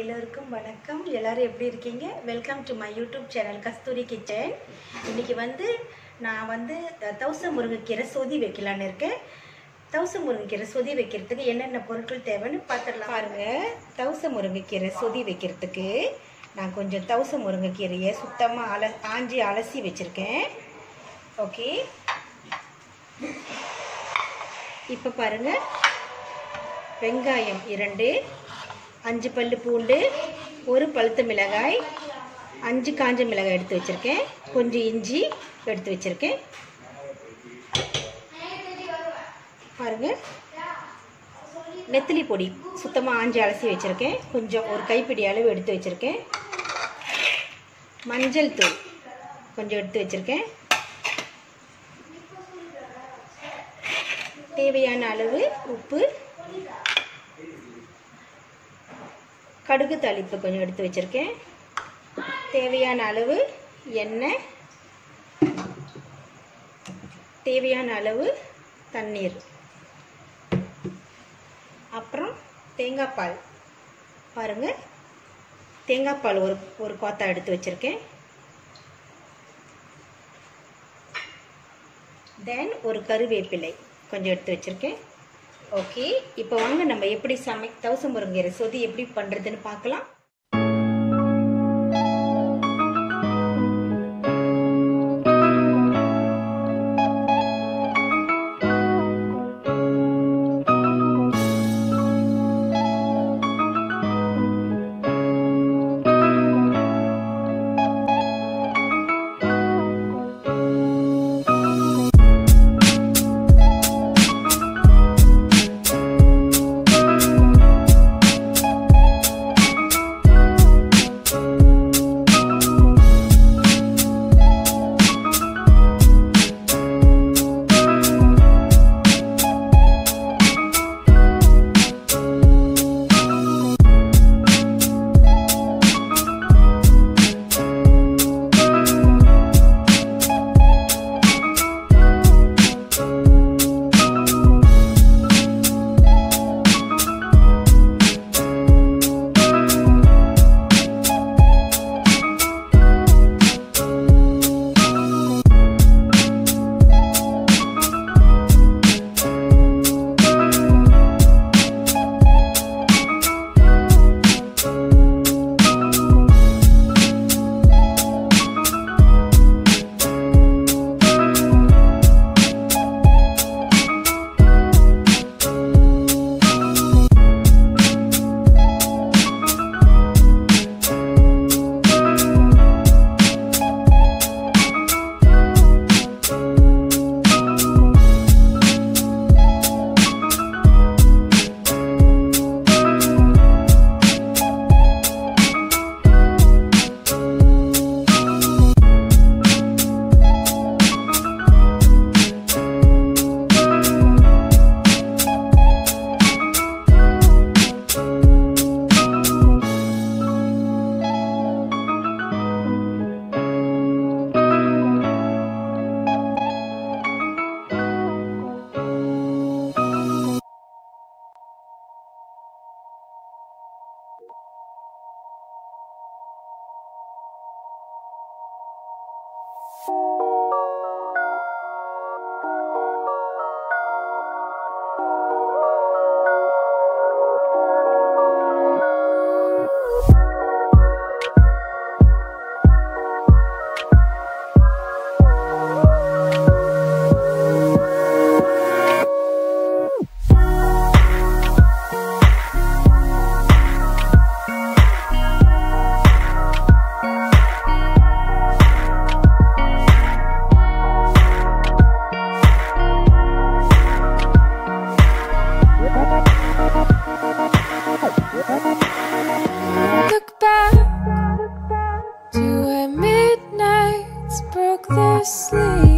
எல்லோருக்கும் வணக்கம் எல்லோரும் எப்படி இருக்கீங்க welcome to my YouTube channel Kasturi kitchen இன்றைக்கி வந்து நான் வந்து தௌச முருங்கைக்கீரை சொதி வைக்கலான்னு இருக்கேன் தௌச முருங்கைக்கீரை சொதி வைக்கிறதுக்கு என்னென்ன பொருட்கள் தேவைன்னு பார்த்துடலாம் பாருங்கள் தௌச முருங்கைக்கீரை சொதி வைக்கிறதுக்கு நான் கொஞ்சம் தௌச முருங்கைக்கீரையை சுத்தமாக அல ஆஞ்சி அலசி வச்சுருக்கேன் ஓகே இப்போ பாருங்கள் வெங்காயம் இரண்டு அஞ்சு பல் பூண்டு ஒரு பழுத்த மிளகாய் அஞ்சு காஞ்ச மிளகாய் எடுத்து வச்சுருக்கேன் கொஞ்சம் இஞ்சி எடுத்து வச்சுருக்கேன் பாருங்கள் நெத்திலி பொடி சுத்தமாக ஆஞ்சி அலசி வச்சுருக்கேன் கொஞ்சம் ஒரு கைப்பிடி அளவு எடுத்து வச்சுருக்கேன் மஞ்சள் தூள் கொஞ்சம் எடுத்து வச்சுருக்கேன் தேவையான அளவு உப்பு கடுகு தளிப்பு கொஞ்சம் எடுத்து வச்சுருக்கேன் தேவையான அளவு எண்ணெய் தேவையான அளவு தண்ணீர் அப்புறம் தேங்காய் பால் பாருங்கள் தேங்காய் பால் ஒரு ஒரு கோத்தா எடுத்து வச்சுருக்கேன் தென் ஒரு கருவேப்பிலை கொஞ்சம் எடுத்து வச்சுருக்கேன் ஓகே இப்போ வாங்க நம்ம எப்படி சமை தவச முருங்கீரை சொதி எப்படி பண்ணுறதுன்னு பார்க்கலாம் Thank you broke their sleep.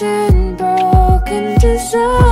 watching broken desire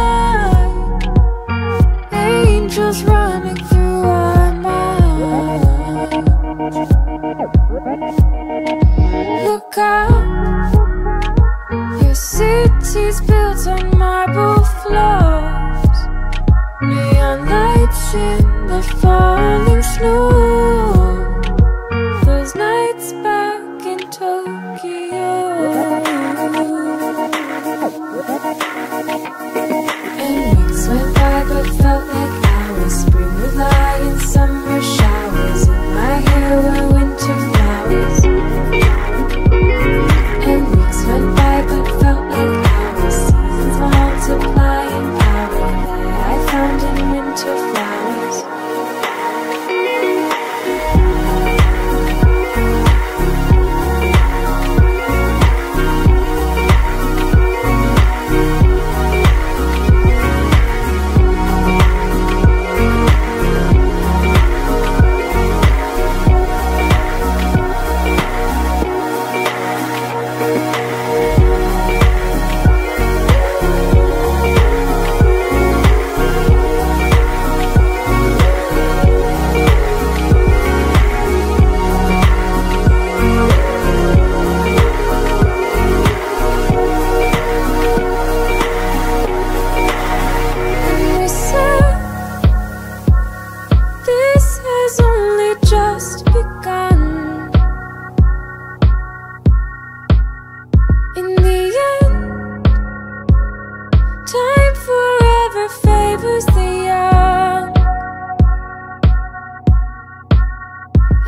the young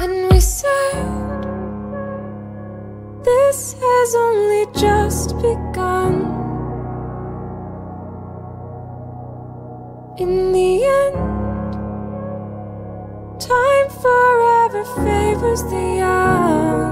And we said This has only just begun In the end Time forever favors the young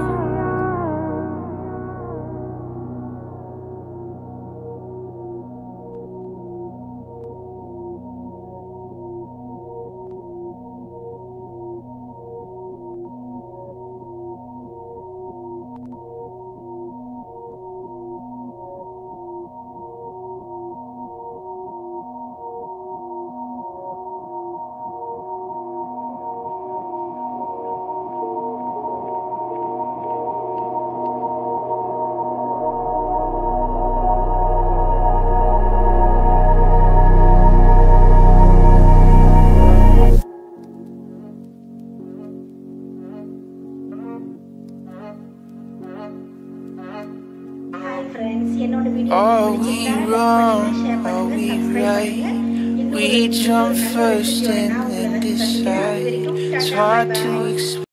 Oh, we oh, jump first and then decide. It's hard to explain.